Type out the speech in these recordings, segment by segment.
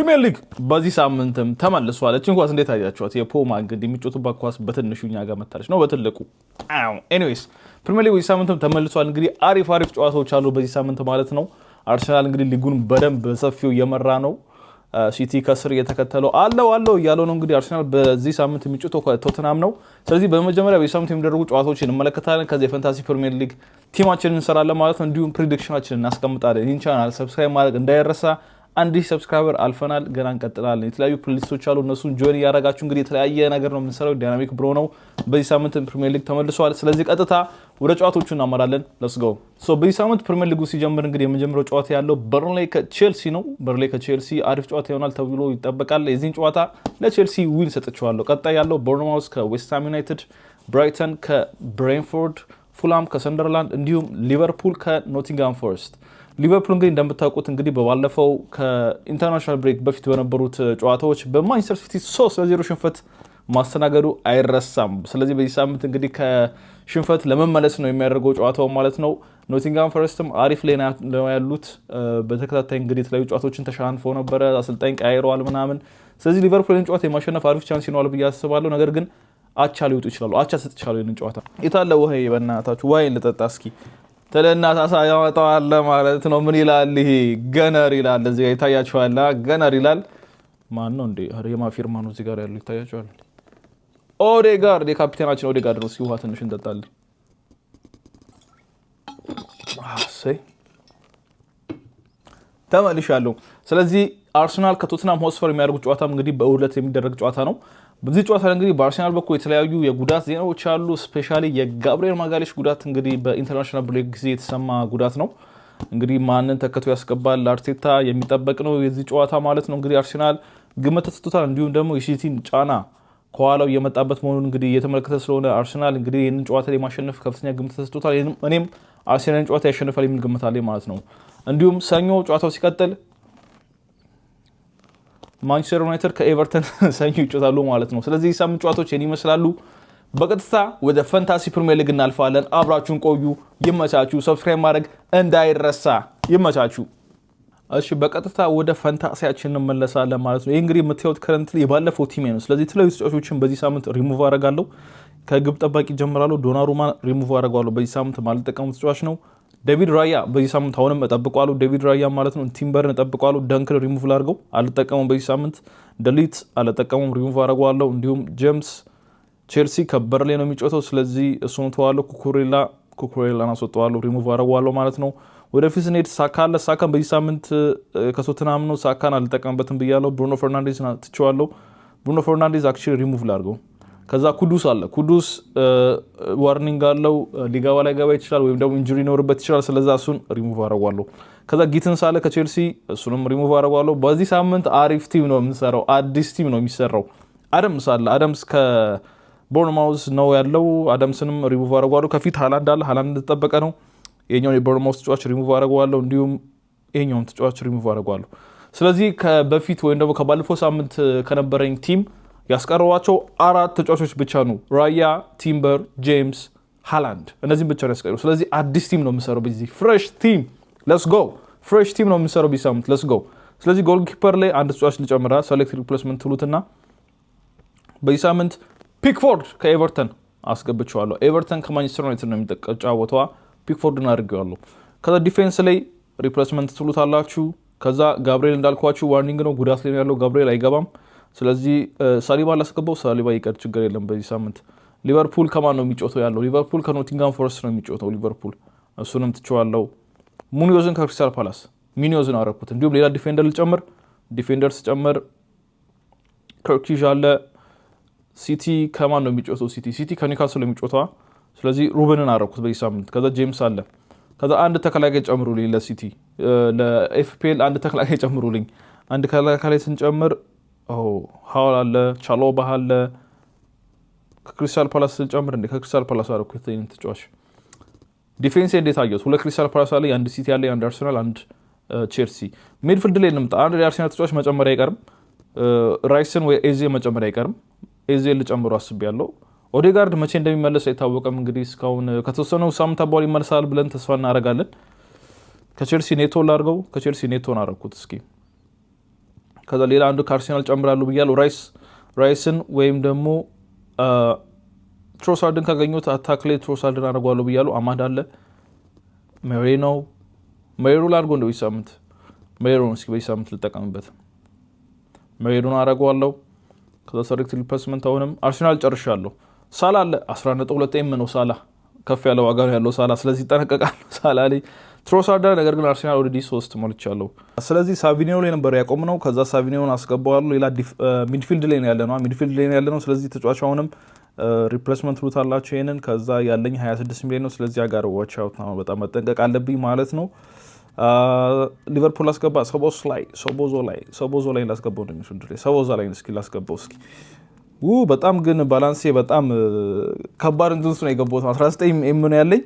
ፕሪሚየር ሊግ በዚህ ሳምንትም ተመልሷል። እችን ኳስ እንዴት አያችኋት? የፖማ እንግዲህ የሚጮቱባት ኳስ በትንሹ እኛ ጋር መታለች ነው በትልቁ ኤኒዌይስ፣ ፕሪሚየር ሊግ በዚህ ሳምንትም ተመልሷል። እንግዲህ አሪፍ አሪፍ ጨዋታዎች አሉ በዚህ ሳምንት ማለት ነው። አርሰናል እንግዲህ ሊጉን በደንብ በሰፊው እየመራ ነው። ሲቲ ከስር እየተከተለው አለው አለው እያለው ነው። እንግዲህ አርሰናል በዚህ ሳምንት የሚጫወተው ቶትናም ነው። ስለዚህ በመጀመሪያ በዚህ ሳምንት የሚደረጉ ጨዋታዎች እንመለከታለን። ከዚ የፈንታሲ ፕሪሚየር ሊግ ቲማችን እንሰራለን ማለት ነው። እንዲሁም ፕሪዲክሽናችን እናስቀምጣለን። ይህን ቻናል ሰብስክራይብ ማድረግ እንዳይረሳ አንድ ሺህ ሰብስክራይበር አልፈናል። ገና እንቀጥላለን። የተለያዩ ፕሌሊስቶች አሉ። እነሱን ጆይን እያደረጋችሁ እንግዲህ የተለያየ ነገር ነው የምንሰራው። ዳይናሚክ ብሮ ነው። በዚህ ሳምንት ፕሪሚየር ሊግ ተመልሷል። ስለዚህ ቀጥታ ወደ ጨዋታዎቹ እናመራለን። ለስገው በዚህ ሳምንት ፕሪሚየር ሊጉ ሲጀምር እንግዲህ የመጀመሪያው ጨዋታ ያለው በርንሌይ ከቼልሲ ነው። በርንሌይ ከቼልሲ አሪፍ ጨዋታ ይሆናል ተብሎ ይጠበቃል። የዚህን ጨዋታ ለቼልሲ ዊን ሰጥቼዋለሁ። ቀጣይ ያለው ቦርንማውስ ከዌስትሃም ዩናይትድ፣ ብራይተን ከብሬንፎርድ፣ ፉላም ከሰንደርላንድ እንዲሁም ሊቨርፑል ከኖቲንጋም ፎረስት ሊቨርፑል እንግዲህ እንደምታውቁት እንግዲህ በባለፈው ከኢንተርናሽናል ብሬክ በፊት በነበሩት ጨዋታዎች በማንቸስተር ሲቲ ሶስት ለዜሮ ሽንፈት ማስተናገዱ አይረሳም። ስለዚህ በዚህ ሳምንት እንግዲህ ከሽንፈት ለመመለስ ነው የሚያደርገው ጨዋታው ማለት ነው። ኖቲንጋም ፈረስትም አሪፍ ላይ ያሉት በተከታታይ እንግዲህ የተለያዩ ጨዋታዎችን ተሻንፈው ነበረ፣ አሰልጣኝ ቀያይረዋል ምናምን። ስለዚህ ሊቨርፑል ን ጨዋታ የማሸነፍ አሪፍ ቻንስ ይኖራል ብዬ አስባለሁ። ነገር ግን አቻ ሊወጡ ይችላሉ። አቻ ሰጥቻለሁ ይህንን ጨዋታ። የታለ ውሀ በእናታችሁ ውሀ ልጠጣ እስኪ ትልና ሳሳ ያመጣዋል ማለት ነው። ምን ይላል? ይሄ ገነር ይላል። እዚህ ጋር ይታያችኋል። ገነር ይላል። ማን ነው እንዴ? ሬማ ፊርማ ነው እዚህ ጋር ያሉ ይታያችኋል። ኦዴጋርድ፣ የካፒቴናችን ኦዴጋርድ ነው። ውሃ ትንሽ እንጠጣለን። ተመልሻለሁ። ስለዚህ አርሰናል ከቶትናም ሆስፈር የሚያደርጉት ጨዋታም እንግዲህ በእውለት የሚደረግ ጨዋታ ነው። በዚህ ጨዋታ እንግዲህ በአርሴናል በኩል የተለያዩ የጉዳት ዜናዎች አሉ። ስፔሻሊ የጋብሪኤል ማጋሌሽ ጉዳት እንግዲህ በኢንተርናሽናል ብሬክ ጊዜ የተሰማ ጉዳት ነው። እንግዲህ ማንን ተከቶ ያስገባል አርቴታ የሚጠበቅ ነው የዚህ ጨዋታ ማለት ነው። እንግዲህ አርሴናል ግምት ተሰጥቶታል። እንዲሁም ደግሞ የሲቲን ጫና ከኋላው የመጣበት መሆኑን እንግዲህ እየተመለከተ ስለሆነ አርሴናል እንግዲህ ይህንን ጨዋታ ላይ ማሸነፍ ከፍተኛ ግምት ተሰጥቶታል። እኔም አርሴናልን ጨዋታ ያሸንፋል የሚል ግምት አለኝ ማለት ነው። እንዲሁም ሰኞ ጨዋታው ሲቀጥል ማንቸስተር ዩናይትድ ከኤቨርተን ሰኞ ይጮታሉ ማለት ነው። ስለዚህ ሳምንት ጨዋታዎች ይህን ይመስላሉ። በቀጥታ ወደ ፈንታሲ ፕሪሚየር ሊግ እናልፋለን። አብራችሁን ቆዩ። ይመቻችሁ። ሰብስክራይብ ማድረግ እንዳይረሳ። ይመቻችሁ። እሺ፣ በቀጥታ ወደ ፈንታሲያችን እንመለሳለን ማለት ነው። ይህ እንግዲህ የምታዩት ከረንት የባለፈው ቲሜ ነው። ስለዚህ የተለያዩ ተጫዋቾችን በዚህ ሳምንት ሪሙቭ አረጋለሁ። ከግብ ጠባቂ ጀምራለሁ። ዶናሩማ ሪሙቭ አረጋለሁ። በዚህ ሳምንት ማልጠቀሙ ተጫዋች ነው። ዴቪድ ራያ በዚህ ሳምንት አሁንም እጠብቋለሁ። ዴቪድ ራያ ማለት ነው። ቲምበርን እጠብቋለሁ። ደንክን ሪሙቭ ላድርገው፣ አልጠቀመው በዚህ ሳምንት ደሊት አልጠቀመውም፣ ሪሙቭ አድርገዋለሁ። እንዲሁም ጄምስ ቼልሲ ከበርሌ ነው የሚጮተው፣ ስለዚህ እሱን ተዋለሁ። ኩኩሬላ ኩኩሬላን አስወጠዋለሁ፣ ሪሙቭ አድርገዋለሁ ማለት ነው። ወደፊት ስንሄድ ሳካ አለ። ሳካን በዚህ ሳምንት ከቶትናም ነው። ሳካን አልጠቀምበትም ብያለሁ። ብሩኖ ፈርናንዴዝ ትቼዋለሁ። ብሩኖ ፈርናንዴዝ አክቹዋሊ ሪሙቭ ላድርገው ከዛ ኩዱስ አለ። ኩዱስ ዋርኒንግ አለው። ሊጋባ ላይ ገባ ይችላል ወይም ደግሞ ኢንጁሪ ይኖርበት ይችላል። ስለዛ እሱን ሪሙቭ አረጓለሁ። ከዛ ጊትንስ አለ ከቼልሲ እሱንም ሪሙቭ አረጓለሁ። በዚህ ሳምንት አሪፍ ቲም ነው የምንሰራው። አዲስ ቲም ነው የሚሰራው። አደምስ አለ። አደምስ ከቦርንማውዝ ነው ያለው። አደምስንም ሪሙቭ አረጓለሁ። ከፊት ሀላንድ አለ። ሀላንድ እንደተጠበቀ ነው። የኛውን የቦርንማውዝ ተጫዋች ሪሙቭ አረጓለሁ። እንዲሁም ይሄኛውን ተጫዋች ሪሙቭ አረጓለሁ። ስለዚህ በፊት ወይም ደግሞ ከባለፈው ሳምንት ከነበረኝ ቲም ያስቀረዋቸው አራት ተጫዋቾች ብቻ ነው። ራያ፣ ቲምበር፣ ጄምስ፣ ሃላንድ እነዚህም ብቻ ነው ያስቀሩ። ስለዚህ አዲስ ቲም ነው የምሰራው በዚህ ፍሬሽ ቲም ለስ ጎ ፍሬሽ ቲም ነው የምሰራው ቢሳሙት ለስ ጎ። ስለዚህ ጎል ኪፐር ላይ አንድ ተጫዋች ልጨምራ ሴሌክት ሪፕሌስመንት ትሉትና በዚሳምንት ፒክፎርድ ከኤቨርተን አስገብቸዋለሁ። ኤቨርተን ከማንቸስተር ዩናይትድ ነው የሚጫወተዋ። ፒክፎርድን አድርጌዋለሁ። ከዛ ዲፌንስ ላይ ሪፕሌስመንት ትሉት አላችሁ። ከዛ ጋብሪኤል እንዳልኳችሁ ዋርኒንግ ነው፣ ጉዳት ላይ ያለው ጋብሪኤል አይገባም። ስለዚህ ሳሊባ ላስገባው፣ ሳሊባ ይቀር፣ ችግር የለም። በዚህ ሳምንት ሊቨርፑል ከማን ነው የሚጮተው ያለው? ሊቨርፑል ከኖቲንጋም ፎረስት ነው የሚጮተው ሊቨርፑል። እሱንም ትችዋለው። ሙኒዮዝን ከክሪስታል ፓላስ ሚኒዮዝን አረኩት። እንዲሁም ሌላ ዲፌንደር ልጨምር፣ ዲፌንደር ስጨምር ከርኪዥ አለ። ሲቲ ከማን ነው የሚጮተው? ሲቲ ሲቲ ከኒውካስል ነው የሚጮተዋ። ስለዚህ ሩብንን አረኩት በዚህ ሳምንት። ከዛ ጄምስ አለ። ከዛ አንድ ተከላካይ ጨምሩልኝ ለሲቲ ለኤፍፒኤል አንድ ተከላካይ ጨምሩልኝ። አንድ ተከላካይ ስንጨምር ሀዋል አለ፣ ቻሎባ አለ። ከክሪስታል ፓላስ ስንጨምር እንደ ከክሪስታል ፓላስ አረኩ አለ ተጫዋች ዲፌንስ እንዴት አየሁት? ሁለት ክሪስታል ፓላስ አለ፣ አንድ ሲቲ አለ፣ አንድ አርሰናል፣ አንድ ቼልሲ። ሚድፊልድ ላይ እንምጣ። አንድ የአርሰናል ተጫዋች መጨመር አይቀርም። ራይስን ወይ ኤዜ መጨመር አይቀርም። ኤዜ ልጨምሩ ያለው ኦዴጋርድ መቼ እንደሚመለስ አይታወቀም። እንግዲህ እስካሁን ከተወሰኑ ሳምንት በኋላ ይመለሳል ብለን ተስፋ እናደርጋለን። ከቼልሲ ኔቶን ላድርገው። ከቼልሲ ኔቶን አደረኩት እስኪ ከዛ ሌላ አንዱ ከአርሴናል ጨምራሉ ብያለሁ። ራይስ ራይስን ወይም ደግሞ ትሮሳርድን ካገኙት አታክሌ ትሮሳርድን አድርጓለሁ ብያለሁ። አማድ አለ ነው ሜሬሮ ላድርጎ እንደ በዚህ ሳምንት ሜሬሮ እስኪ በዚህ ሳምንት ልጠቀምበት። ሜሬሮን አደርገዋለሁ። ከዛ ሰሬክት ሪፕሌስመንት አሁንም አርሴናል ጨርሻለሁ። ሳላ አለ 11.2 ኤም ነው ሳላ ከፍ ያለ ዋጋ ያለው ሳላ ስለዚህ ይጠነቀቃል ሳላ ላይ ትሮሳርድ ላይ ነገር ግን አርሴናል ኦልሬዲ ሶስት ሞልቻለሁ። ስለዚህ ሳቪኒዮ ላይ ነበር ያቆም ነው። ከዛ ሳቪኒዮን አስገባዋለሁ። ሌላ ሚድፊልድ ላይ ያለ ነው ሚድፊልድ ላይ ነው ያለ ነው። ስለዚህ ተጫዋቹ አሁንም ሪፕሌስመንት ሩት አላቸው ይሄንን። ከዛ ያለኝ 26 ሚሊዮን ነው። ስለዚህ ጋር ዋች አውት ነው በጣም መጠንቀቅ አለብኝ ማለት ነው። ሊቨርፑል አስገባ ሶቦስ ላይ ሶቦዞ ላይ ሶቦዞ ላይ ላስገባው ነው የሚሱ ድሬ ሶቦዞ ላይ እስኪ ላስገባው እስኪ ው በጣም ግን ባላንሴ በጣም ከባድ እንትን እሱ ነው የገባሁት። 19 ኤም ነው ያለኝ።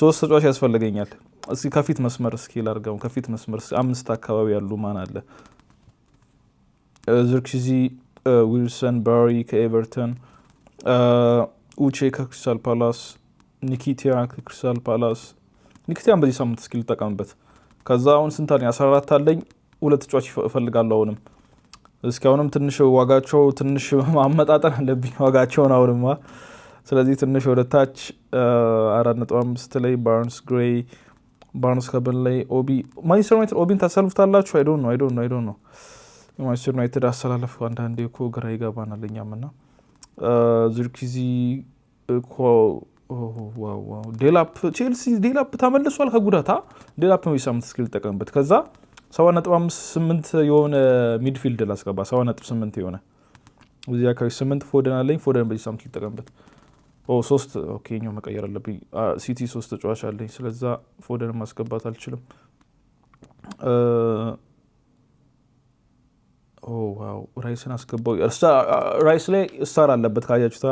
ሶስት ተጫዋች ያስፈልገኛል። እስኪ ከፊት መስመር እስኪ ላርገው። ከፊት መስመር አምስት አካባቢ ያሉ ማን አለ? ዝርክዚ፣ ዊልሰን፣ ባሪ ከኤቨርተን፣ ኡቼ ከክሪስታል ፓላስ፣ ኒኪቲያ ከክሪስታል ፓላስ። ኒኪቲያን በዚህ ሳምንት እስኪ ልጠቀምበት። ከዛ አሁን ስንት አለኝ? አስራ አራት አለኝ። ሁለት ተጫዋች እፈልጋለሁ አሁንም እስኪ አሁንም ትንሽ ዋጋቸው ትንሽ ማመጣጠን አለብኝ ዋጋቸውን አሁንማ። ስለዚህ ትንሽ ወደ ታች አራት ነጥብ አምስት ላይ ባርንስ ግሬይ ባርንስ ከበላይ ኦቢ ማንቸስተር ዩናይትድ ኦቢን ታሰልፉታላችሁ? አይ ዶንት ኖ አይ ዶንት ኖ አይ ዶንት ኖ። የማንቸስተር ዩናይትድ አሰላለፍ አንዳንዴ እኮ ግራ ይገባናል እኛም እና ዙርኪዚ እኮ ዴላፕ ቼልሲ ዴላፕ ተመልሷል ከጉዳታ ዴላፕ ነው ሳምንት እስኪ ልጠቀምበት ከዛ 7.58 የሆነ ሚድፊልድ ላስገባ 7.8 የሆነ እዚህ አካባቢ 8 ፎደን አለኝ ፎደን በዚህ ሳምንት ሊጠቀምበት ሶስት ኦኬኛው መቀየር አለብኝ። ሲቲ ሶስት ተጫዋች አለኝ፣ ስለዛ ፎደን ማስገባት አልችልም። ራይስን አስገባው። ራይስ ላይ ስታር አለበት ካያችሁ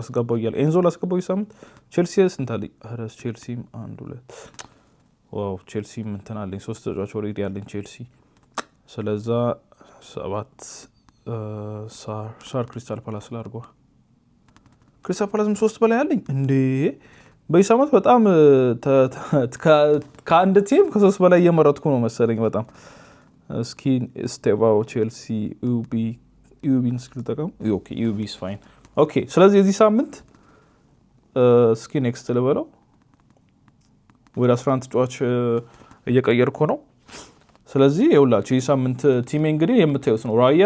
አስገባው እያለ ኤንዞል አስገባው። ሳምንት ቼልሲ ስንት አለኝ? ኧረ ቼልሲም አንድ ሁለት ዋው ቼልሲም እንትን አለኝ፣ ሶስት ተጫዋች ኦልሬዲ አለኝ ቼልሲ። ስለዛ ሰባት ሳር ክሪስታል ፓላስ ላይ አድርጓል ክሪስታል ፓላስም ሶስት በላይ አለኝ እንዴ! በዚህ ዓመት በጣም ከአንድ ቲም ከሶስት በላይ እየመረጥኩ ነው መሰለኝ። በጣም እስኪ ስቴባው ቼልሲ፣ ዩቢን እስኪ ልጠቀም። ዩቢ ስፋይን ኦኬ። ስለዚህ የዚህ ሳምንት እስኪ ኔክስት ልበለው ወደ 11 ተጫዋች እየቀየርኩ ነው። ስለዚህ የሁላችሁ የዚህ ሳምንት ቲሜ እንግዲህ የምታዩት ነው። ራያ፣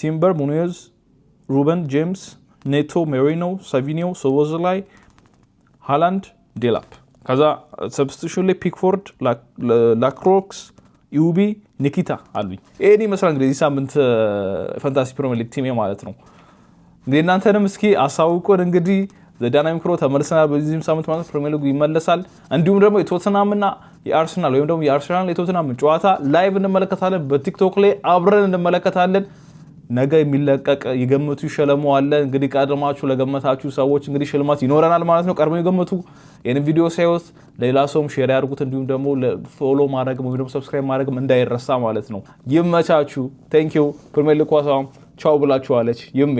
ቲምበር፣ ሙኔዝ፣ ሩበን ጄምስ ኔቶ፣ ሜሪኖ፣ ሳቪኒዮ፣ ሶቦዝላይ፣ ሃላንድ፣ ዴላፕ ከዛ ሰብስቲሽን ላይ ፒክፎርድ፣ ላክሮክስ፣ ኢውቢ፣ ኒኪታ አሉኝ። ይህን ይመስላል እንግዲህ እዚህ ሳምንት ፈንታሲ ፕሪሚየር ሊግ ቲሜ ማለት ነው። እንግዲህ እናንተንም እስኪ አሳውቁን። እንግዲህ ዳይናሚክ ሮ ተመልሰናል። በዚህም ሳምንት ማለት ፕሪሚየር ሊጉ ይመለሳል። እንዲሁም ደግሞ የቶትናምና የአርሰናል ወይም ደግሞ የአርሰናል የቶትናምን ጨዋታ ላይቭ እንመለከታለን። በቲክቶክ ላይ አብረን እንመለከታለን። ነገ የሚለቀቅ የገመቱ ይሸለሙ አለ። እንግዲህ ቀድማችሁ ለገመታችሁ ሰዎች እንግዲህ ሽልማት ይኖረናል ማለት ነው። ቀድሞ የገመቱ ይህን ቪዲዮ ሳይወት ሌላ ሰውም ሼር ያድርጉት። እንዲሁም ደግሞ ፎሎ ማድረግም ወይም ደግሞ ሰብስክራይብ ማድረግም እንዳይረሳ ማለት ነው። ይመቻችሁ። ቴንኪው ፕሪሜር ሊግ ቻው ብላችኋለች ይሜ